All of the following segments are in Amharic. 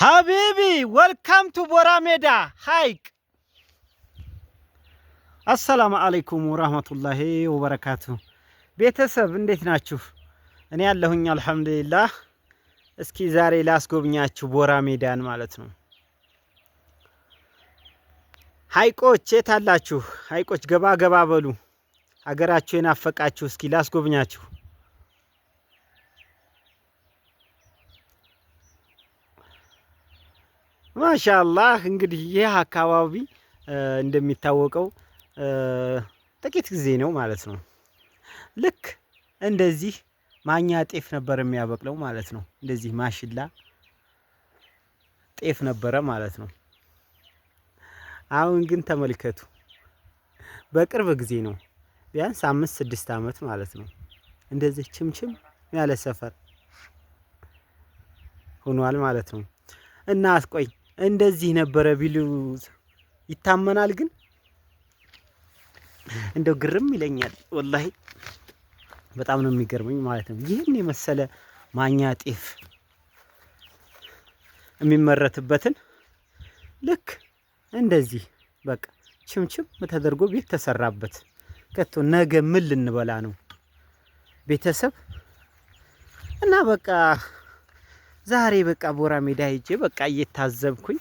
ሀቢቢ ወልካም ቱ ቦራ ሜዳ ሀይቅ። አሰላሙ አለይኩም ወራህመቱላሂ ወበረካቱ። ቤተሰብ እንዴት ናችሁ? እኔ ያለሁኝ አልሐምዱሊላህ። እስኪ ዛሬ ላስጎብኛችሁ ቦራ ሜዳን ማለት ነው። ሀይቆች የት አላችሁ? ሀይቆች ገባ ገባ በሉ። ሀገራችሁ የናፈቃችሁ እስኪ ላስጎብኛችሁ ማሻላህ እንግዲህ ይህ አካባቢ እንደሚታወቀው ጥቂት ጊዜ ነው ማለት ነው። ልክ እንደዚህ ማኛ ጤፍ ነበር የሚያበቅለው ማለት ነው። እንደዚህ ማሽላ ጤፍ ነበረ ማለት ነው። አሁን ግን ተመልከቱ፣ በቅርብ ጊዜ ነው ቢያንስ አምስት ስድስት ዓመት ማለት ነው። እንደዚህ ችምችም ያለ ሰፈር ሆኗል ማለት ነው እና አስቆይ እንደዚህ ነበረ ቢሉ ይታመናል። ግን እንደው ግርም ይለኛል ወላሂ በጣም ነው የሚገርመኝ ማለት ነው። ይህን የመሰለ ማኛ ጤፍ የሚመረትበትን ልክ እንደዚህ በቃ ችምችም ተደርጎ ቤት ተሰራበት። ከቶ ነገ ምን ልንበላ ነው ቤተሰብ እና በቃ ዛሬ በቃ ቦራ ሜዳ ሄጄ በቃ እየታዘብኩኝ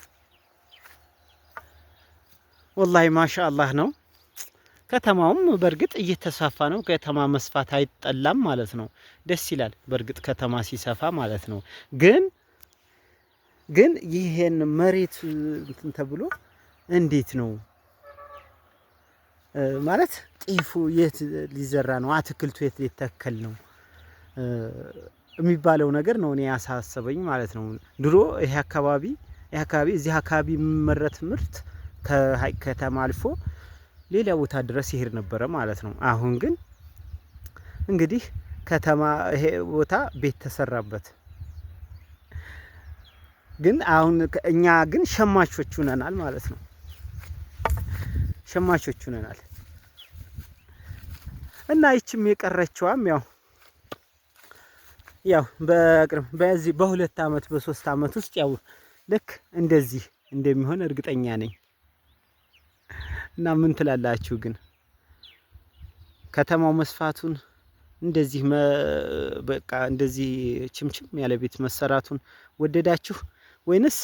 ወላሂ ማሻ አላህ ነው። ከተማውም በእርግጥ እየተስፋፋ ነው። ከተማ መስፋት አይጠላም ማለት ነው። ደስ ይላል። በእርግጥ ከተማ ሲሰፋ ማለት ነው። ግን ግን ይሄን መሬት እንትን ተብሎ እንዴት ነው ማለት ጤፉ የት ሊዘራ ነው? አትክልቱ የት ሊተከል ነው? የሚባለው ነገር ነው እኔ ያሳሰበኝ ማለት ነው። ድሮ ይሄ አካባቢ ይሄ አካባቢ እዚህ አካባቢ የሚመረት ምርት ከሀይቅ ከተማ አልፎ ሌላ ቦታ ድረስ ይሄድ ነበረ ማለት ነው። አሁን ግን እንግዲህ ከተማ ይሄ ቦታ ቤት ተሰራበት። ግን አሁን እኛ ግን ሸማቾች ሁነናል ማለት ነው። ሸማቾች ሁነናል እና ይችም የቀረችዋም ያው ያው በቅርብ በዚህ በሁለት አመት በሶስት አመት ውስጥ ያው ልክ እንደዚህ እንደሚሆን እርግጠኛ ነኝ። እና ምን ትላላችሁ ግን ከተማው መስፋቱን እንደዚህ በቃ እንደዚህ ችምችም ያለ ቤት መሰራቱን ወደዳችሁ ወይንስ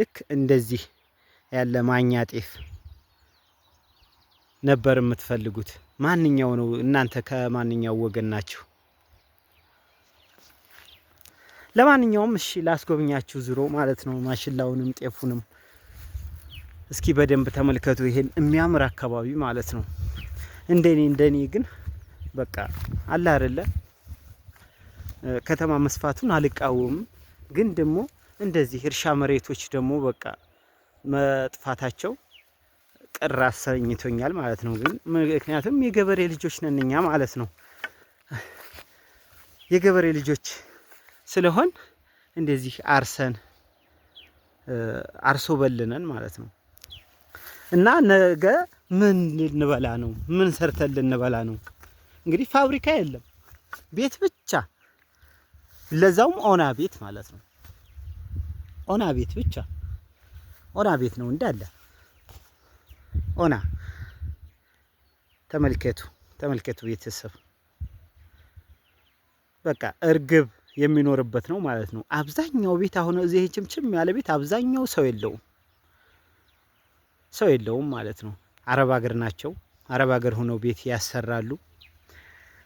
ልክ እንደዚህ ያለ ማኛ ጤፍ ነበር የምትፈልጉት? ማንኛው ነው እናንተ ከማንኛው ወገን ናችሁ? ለማንኛውም እሺ ላስጎብኛችሁ ዙሮ ማለት ነው። ማሽላውንም ጤፉንም እስኪ በደንብ ተመልከቱ። ይሄን የሚያምር አካባቢ ማለት ነው። እንደኔ እንደኔ ግን በቃ አለ አይደለ ከተማ መስፋቱን አልቃወምም፣ ግን ደግሞ እንደዚህ እርሻ መሬቶች ደግሞ በቃ መጥፋታቸው ቅር አሰኝቶኛል ማለት ነው። ግን ምክንያቱም የገበሬ ልጆች ነን እኛ ማለት ነው የገበሬ ልጆች ስለሆን እንደዚህ አርሰን አርሶ በልነን ማለት ነው። እና ነገ ምን ልንበላ ነው? ምን ሰርተን ልንበላ ነው? እንግዲህ ፋብሪካ የለም፣ ቤት ብቻ ለዛውም ኦና ቤት ማለት ነው። ኦና ቤት ብቻ ኦና ቤት ነው እንዳለ ኦና። ተመልከቱ፣ ተመልከቱ ቤተሰብ በቃ እርግብ የሚኖርበት ነው ማለት ነው። አብዛኛው ቤት አሁን እዚህ ችምችም ያለ ቤት አብዛኛው ሰው የለውም ሰው የለውም ማለት ነው። አረብ ሀገር ናቸው። አረብ ሀገር ሆነው ቤት ያሰራሉ።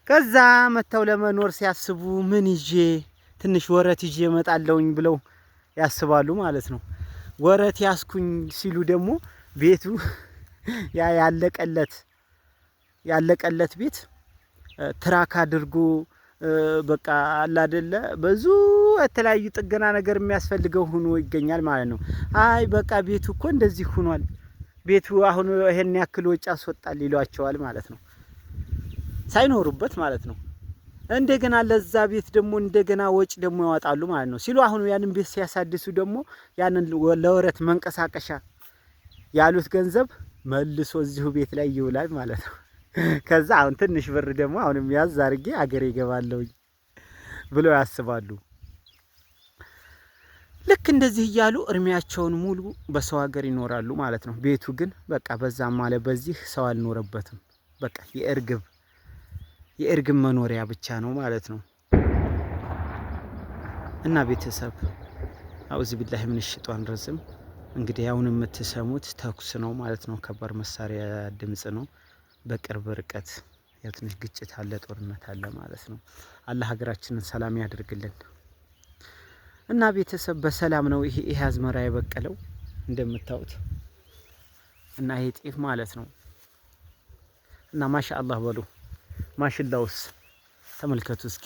ከዛ መጥተው ለመኖር ሲያስቡ ምን ይዤ ትንሽ ወረት ይዤ እመጣለሁኝ ብለው ያስባሉ ማለት ነው። ወረት ያስኩኝ ሲሉ ደግሞ ቤቱ ያ ያለቀለት ያለቀለት ቤት ትራክ አድርጎ በቃ አላደለ ብዙ የተለያዩ ጥገና ነገር የሚያስፈልገው ሆኖ ይገኛል ማለት ነው። አይ በቃ ቤቱ እኮ እንደዚህ ሆኗል፣ ቤቱ አሁን ይሄን ያክል ወጪ አስወጣል ይሏቸዋል ማለት ነው። ሳይኖሩበት ማለት ነው። እንደገና ለዛ ቤት ደግሞ እንደገና ወጪ ደግሞ ያወጣሉ ማለት ነው ሲሉ አሁን ያንን ቤት ሲያሳድሱ ደግሞ ያንን ለወረት መንቀሳቀሻ ያሉት ገንዘብ መልሶ እዚሁ ቤት ላይ ይውላል ማለት ነው። ከዛ አሁን ትንሽ ብር ደግሞ አሁንም ያዝ አድርጌ አገሬ ይገባለሁኝ ብለው ያስባሉ። ልክ እንደዚህ እያሉ እድሜያቸውን ሙሉ በሰው ሀገር ይኖራሉ ማለት ነው። ቤቱ ግን በቃ በዛም አለ በዚህ ሰው አልኖረበትም። በቃ የእርግብ የእርግብ መኖሪያ ብቻ ነው ማለት ነው። እና ቤተሰብ አውዝ ቢላህ ምን ሽጧን ረዝም እንግዲህ አሁን የምትሰሙት ተኩስ ነው ማለት ነው። ከባድ መሳሪያ ድምጽ ነው። በቅርብ ርቀት ያው ትንሽ ግጭት አለ፣ ጦርነት አለ ማለት ነው። አላህ ሀገራችንን ሰላም ያደርግልን እና ቤተሰብ በሰላም ነው ይሄ ይሄ አዝመራ የበቀለው እንደምታዩት እና ይሄ ጤፍ ማለት ነው እና ማሻ አላህ በሉ። ማሽላውስ ተመልከቱ እስኪ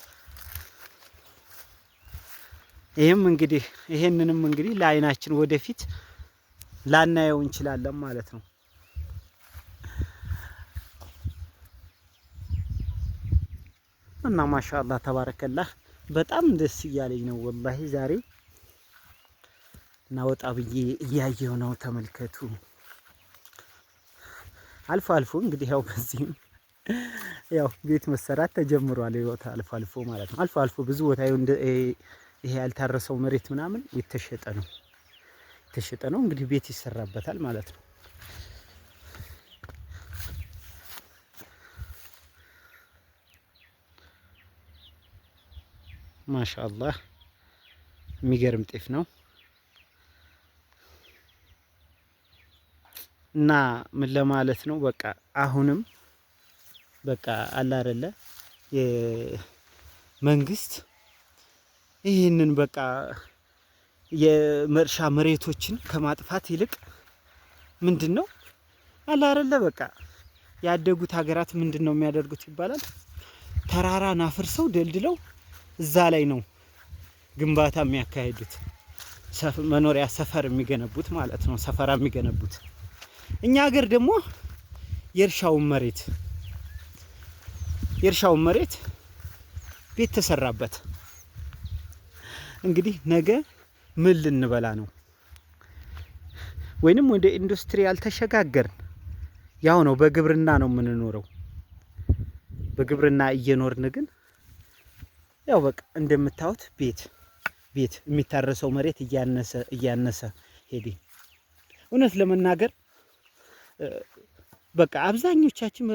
ይህም እንግዲህ ይሄንንም እንግዲህ ለአይናችን ወደፊት ላናየው እንችላለን ማለት ነው። እና ማሻአላህ ተባረከላህ በጣም ደስ እያለኝ ነው ወላሂ ዛሬ እና ወጣ ብዬ እያየው ነው። ተመልከቱ። አልፎ አልፎ እንግዲህ ያው በዚህም ያው ቤት መሰራት ተጀምሯል። ይወታ አልፎ አልፎ ማለት ነው። አልፎ አልፎ ብዙ ቦታ ይሄ ያልታረሰው መሬት ምናምን የተሸጠ ነው የተሸጠ ነው። እንግዲህ ቤት ይሰራበታል ማለት ነው። ማሻአላህ የሚገርም ጤፍ ነው እና ምን ለማለት ነው በቃ አሁንም በቃ አላረለ የመንግስት ይህንን በቃ የእርሻ መሬቶችን ከማጥፋት ይልቅ ምንድን ነው አለ አይደለ በቃ ያደጉት ሀገራት ምንድን ነው የሚያደርጉት ይባላል ተራራን አፍርሰው ደልድለው እዛ ላይ ነው ግንባታ የሚያካሄዱት መኖሪያ ሰፈር የሚገነቡት ማለት ነው ሰፈራ የሚገነቡት እኛ ሀገር ደግሞ የእርሻውን መሬት የእርሻውን መሬት ቤት ተሰራበት እንግዲህ ነገ ምን ልንበላ ነው? ወይንም ወደ ኢንዱስትሪ ያልተሸጋገርን ያው ነው፣ በግብርና ነው የምንኖረው። በግብርና እየኖርን ግን ያው በቃ እንደምታዩት ቤት ቤት የሚታረሰው መሬት እያነሰ እያነሰ ሄዴ እውነት ለመናገር በቃ አብዛኞቻችን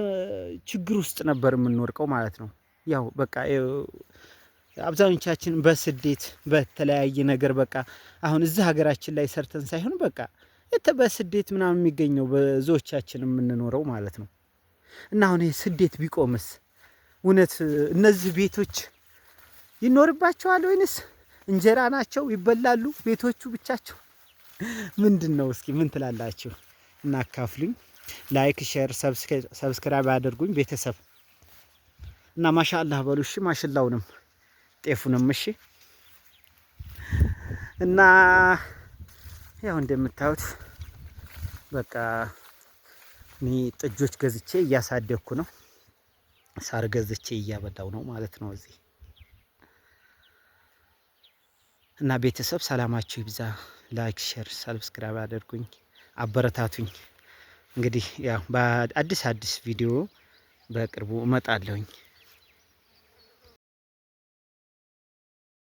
ችግር ውስጥ ነበር የምንወርቀው ማለት ነው። ያው በቃ አብዛኞቻችን በስደት በተለያየ ነገር በቃ አሁን እዚህ ሀገራችን ላይ ሰርተን ሳይሆን በቃ በስደት ምናምን የሚገኘው ብዙዎቻችን የምንኖረው ማለት ነው። እና አሁን ይህ ስደት ቢቆምስ እውነት እነዚህ ቤቶች ይኖርባቸዋል ወይንስ እንጀራ ናቸው? ይበላሉ ቤቶቹ ብቻቸው? ምንድን ነው? እስኪ ምን ትላላችሁ? እናካፍሉኝ። ላይክ፣ ሼር፣ ሰብስክራይብ አድርጉኝ ቤተሰብ እና ማሻአላህ በሉ እሺ። ማሽላውንም ጤፉንም እሺ። እና ያው እንደምታዩት በቃ እኔ ጥጆች ገዝቼ እያሳደግኩ ነው። ሳር ገዝቼ እያበላው ነው ማለት ነው እዚህ እና ቤተሰብ ሰላማችሁ ይብዛ። ላይክ፣ ሼር፣ ሰብስክራይብ አድርጉኝ፣ አበረታቱኝ። እንግዲህ ያው በአዲስ አዲስ ቪዲዮ በቅርቡ እመጣለሁኝ።